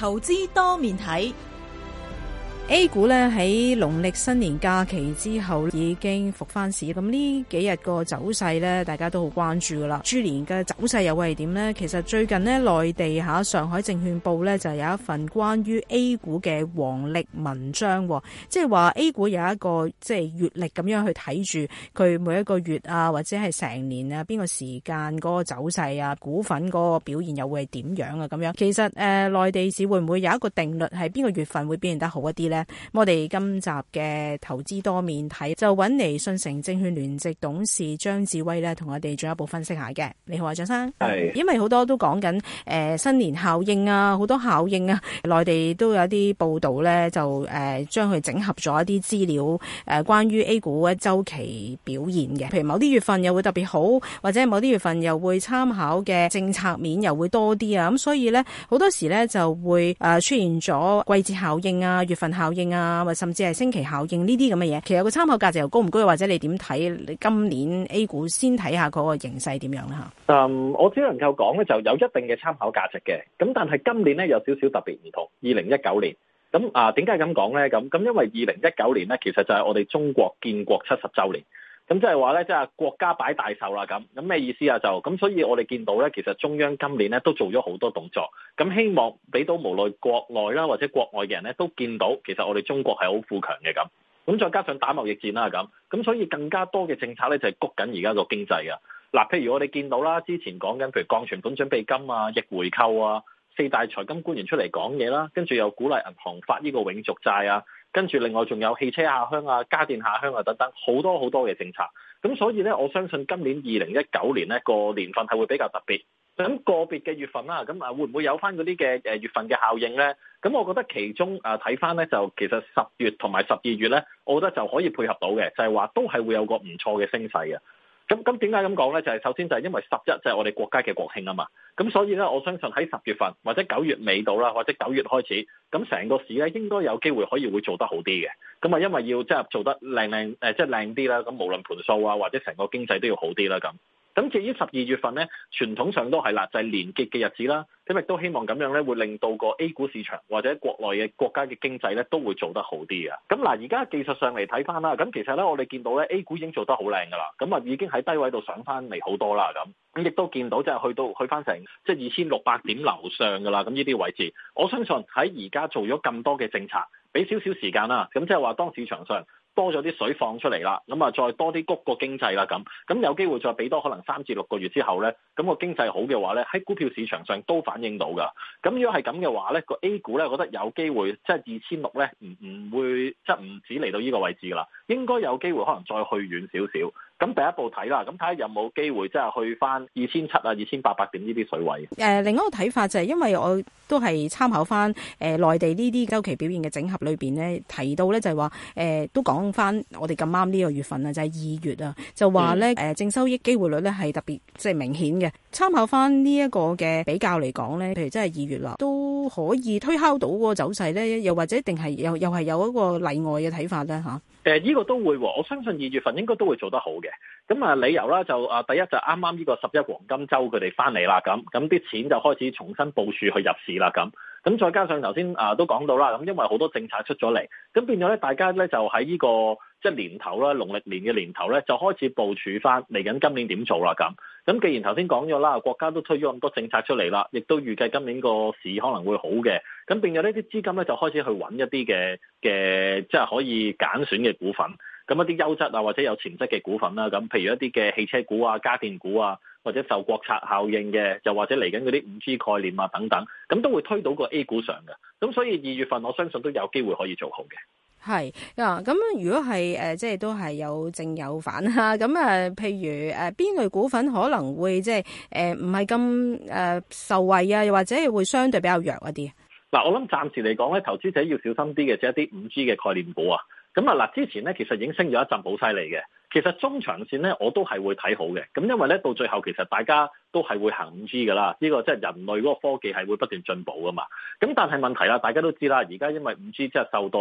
投資多面體。A 股咧喺農曆新年假期之後已經復翻市，咁呢幾日個走勢咧大家都好關注噶啦。豬年嘅走勢又會係點呢？其實最近呢內地嚇上海證券報咧就有一份關於 A 股嘅黃歷文章，哦，即係話 A 股有一個即係、就是、月曆咁樣去睇住佢每一個月啊，或者係成年啊邊個時間嗰個走勢啊，股份嗰個表現又會係點樣啊？咁樣其實誒內、呃、地市會唔會有一個定律係邊個月份會表現得好一啲呢？我哋今集嘅投資多面睇，就搵嚟，信誠證券聯席董事張智威呢同我哋進一步分析下嘅。你好啊，張生。係是。因為好多都講緊誒新年效應啊，好多效應啊，內地都有啲報道呢，就誒將佢整合咗一啲資料誒、呃，關於 A 股嘅週期表現嘅。譬如某啲月份又會特別好，或者某啲月份又會參考嘅政策面又會多啲啊。咁所以呢，好多時呢就會誒出現咗季節效應啊，月份效應。應啊，或甚至係星期效應呢啲咁嘅嘢，其實個參考價值又高唔高，或者你點睇？你今年 A 股先睇下嗰個形勢點樣啦吓。嗯，um, 我只能夠講咧，就有一定嘅參考價值嘅。咁但係今年咧有少少特別唔同。二零一九年咁啊，點解咁講咧？咁咁因為二零一九年咧，其實就係我哋中國建國七十周年。咁即係話咧，即係國家擺大壽啦咁，咁咩意思啊？就咁，所以我哋見到咧，其實中央今年咧都做咗好多動作，咁希望俾到無奈國內啦，或者國外嘅人咧都見到，其實我哋中國係好富強嘅咁。咁再加上打貿易戰啦咁，咁所以更加多嘅政策咧就係谷緊而家個經濟嘅。嗱，譬如我哋見到啦，之前講緊譬如降存款準備金啊、逆回購啊、四大財金官員出嚟講嘢啦，跟住又鼓勵銀行發呢個永續債啊。跟住另外仲有汽車下鄉啊、家電下鄉啊等等好多好多嘅政策，咁所以呢，我相信今年二零一九年呢、這個年份係會比較特別。咁、那個別嘅月份啦、啊，咁啊會唔會有翻嗰啲嘅誒月份嘅效應呢？咁我覺得其中睇翻、啊、呢，就其實十月同埋十二月呢，我覺得就可以配合到嘅，就係、是、話都係會有個唔錯嘅升勢嘅。咁咁點解咁講咧？就係首先就係因為十一就係我哋國家嘅國慶啊嘛，咁所以咧，我相信喺十月份或者九月尾到啦，或者九月開始，咁成個市咧應該有機會可以會做得好啲嘅。咁啊，因為要即係做得靚靚，即係靚啲啦。咁無論盤數啊，或者成個經濟都要好啲啦，咁。咁至於十二月份咧，傳統上都係啦，就係連結嘅日子啦。咁亦都希望咁樣咧，會令到個 A 股市場或者國內嘅國家嘅經濟咧，都會做得好啲啊。咁嗱，而家技術上嚟睇翻啦，咁其實咧，我哋見到咧，A 股已經做得好靚噶啦，咁啊已經喺低位度上翻嚟好多啦。咁亦都見到即係去到去翻成即係二千六百點樓上噶啦。咁呢啲位置，我相信喺而家做咗咁多嘅政策，俾少少時間啦。咁即係話當市場上，多咗啲水放出嚟啦，咁啊再多啲谷個經濟啦，咁咁有機會再俾多可能三至六個月之後咧，咁個經濟好嘅話咧，喺股票市場上都反映到噶。咁如果係咁嘅話咧，個 A 股咧，我覺得有機會即係二千六咧，唔唔會即係唔止嚟到呢個位置噶啦，應該有機會可能再去遠少少。咁第一步睇啦，咁睇下有冇機會即係去翻二千七啊、二千八百點呢啲水位。誒、呃，另一個睇法就係，因為我都係參考翻誒內地呢啲週期表現嘅整合裏面呢，提到呢就係話、呃、都講翻我哋咁啱呢個月份啊，就係、是、二月啊，就話呢誒、嗯呃、正收益機會率呢係特別即係、就是、明顯嘅。參考翻呢一個嘅比較嚟講呢，譬如真係二月啦，都可以推敲到個走勢呢，又或者定係又又係有一個例外嘅睇法呢。吓，呢依個都會，我相信二月份應該都會做得好嘅。咁啊，理由啦，就啊，第一就啱啱呢個十一黃金周，佢哋翻嚟啦，咁咁啲錢就開始重新部署去入市啦，咁。咁再加上頭先啊都講到啦，咁因為好多政策出咗嚟，咁變咗咧，大家咧就喺呢個即係年頭啦，農曆年嘅年頭咧，就開始部署翻嚟緊今年點做啦咁。咁既然頭先講咗啦，國家都推咗咁多政策出嚟啦，亦都預計今年個市可能會好嘅，咁變咗呢啲資金咧就開始去揾一啲嘅嘅即係可以揀選嘅股份。咁一啲優質啊，或者有潛質嘅股份啦、啊，咁譬如一啲嘅汽車股啊、家電股啊，或者受國策效應嘅，又或者嚟緊嗰啲五 G 概念啊等等，咁都會推到個 A 股上嘅。咁所以二月份我相信都有機會可以做好嘅。係啊，咁如果係誒，即、呃、係都係有正有反啦。咁啊，譬如誒邊類股份可能會即係誒唔係咁誒受惠啊，又或者會相對比較弱一啲。嗱、啊，我諗暫時嚟講咧，投資者要小心啲嘅，即係一啲五 G 嘅概念股啊。咁啊嗱，之前咧其實已經升咗一陣好犀利嘅，其實中長線咧我都係會睇好嘅，咁因為咧到最後其實大家都係會行五 G 噶啦，呢個即係人類嗰個科技係會不斷進步噶嘛。咁但係問題啦，大家都知啦，而家因為五 G 即係受到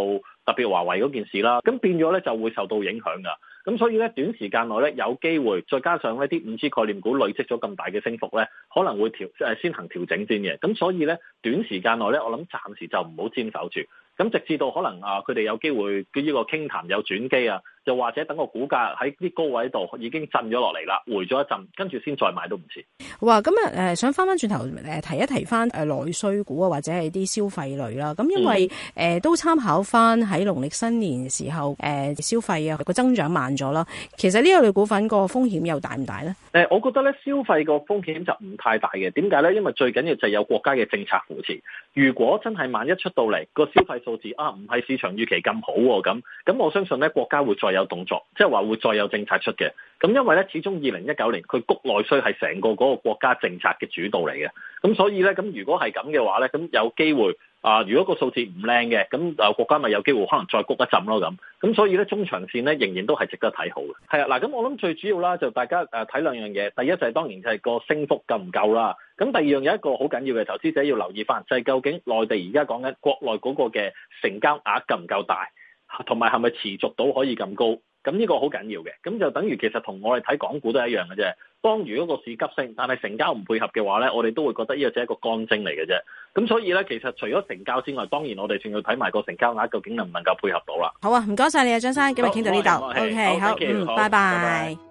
特別華為嗰件事啦，咁變咗咧就會受到影響噶。咁所以咧短時間內咧有機會，再加上呢啲五 G 概念股累積咗咁大嘅升幅咧，可能會調先行調整先嘅。咁所以咧短時間內咧，我諗暫時就唔好沾手住。咁直至到可能啊，佢哋有機會叫呢個傾談，談有轉機啊。又或者等個股價喺啲高位度已經震咗落嚟啦，回咗一陣，跟住先再買都唔遲。哇！咁啊，誒，想翻翻轉頭誒，提一提翻誒、呃、內需股啊，或者係啲消費類啦。咁因為誒、呃、都參考翻喺農曆新年時候誒、呃、消費啊個增長慢咗啦。其實呢一類股份個風險又大唔大咧？誒、呃，我覺得咧消費個風險就唔太大嘅。點解咧？因為最緊要就係有國家嘅政策扶持。如果真係萬一出到嚟、個消費數字啊，唔係市場預期咁好喎、啊，咁咁我相信咧國家會再。有動作，即係話會再有政策出嘅，咁因為咧，始終二零一九年佢谷內需係成個嗰個國家政策嘅主導嚟嘅，咁所以咧，咁如果係咁嘅話咧，咁有機會啊，如果，、呃、如果個數字唔靚嘅，咁啊國家咪有機會可能再谷一浸咯咁，咁所以咧，中長線咧仍然都係值得睇好嘅。係啊，嗱，咁我諗最主要啦，就大家誒睇兩樣嘢，第一就係當然就係個升幅夠唔夠啦，咁第二樣有一個好緊要嘅投資者要留意翻，就係、是、究竟內地而家講緊國內嗰個嘅成交額夠唔夠大？同埋係咪持續到可以咁高？咁呢個好緊要嘅，咁就等於其實同我哋睇港股都係一樣嘅啫。當如果個市急升，但係成交唔配合嘅話咧，我哋都會覺得呢個只係一個乾升嚟嘅啫。咁所以咧，其實除咗成交之外，當然我哋仲要睇埋個成交額究竟能唔能夠配合到啦。好啊，唔該晒你啊，張生，今日傾到呢度。O K，好，謝謝，好，謝謝，好，拜拜。拜拜。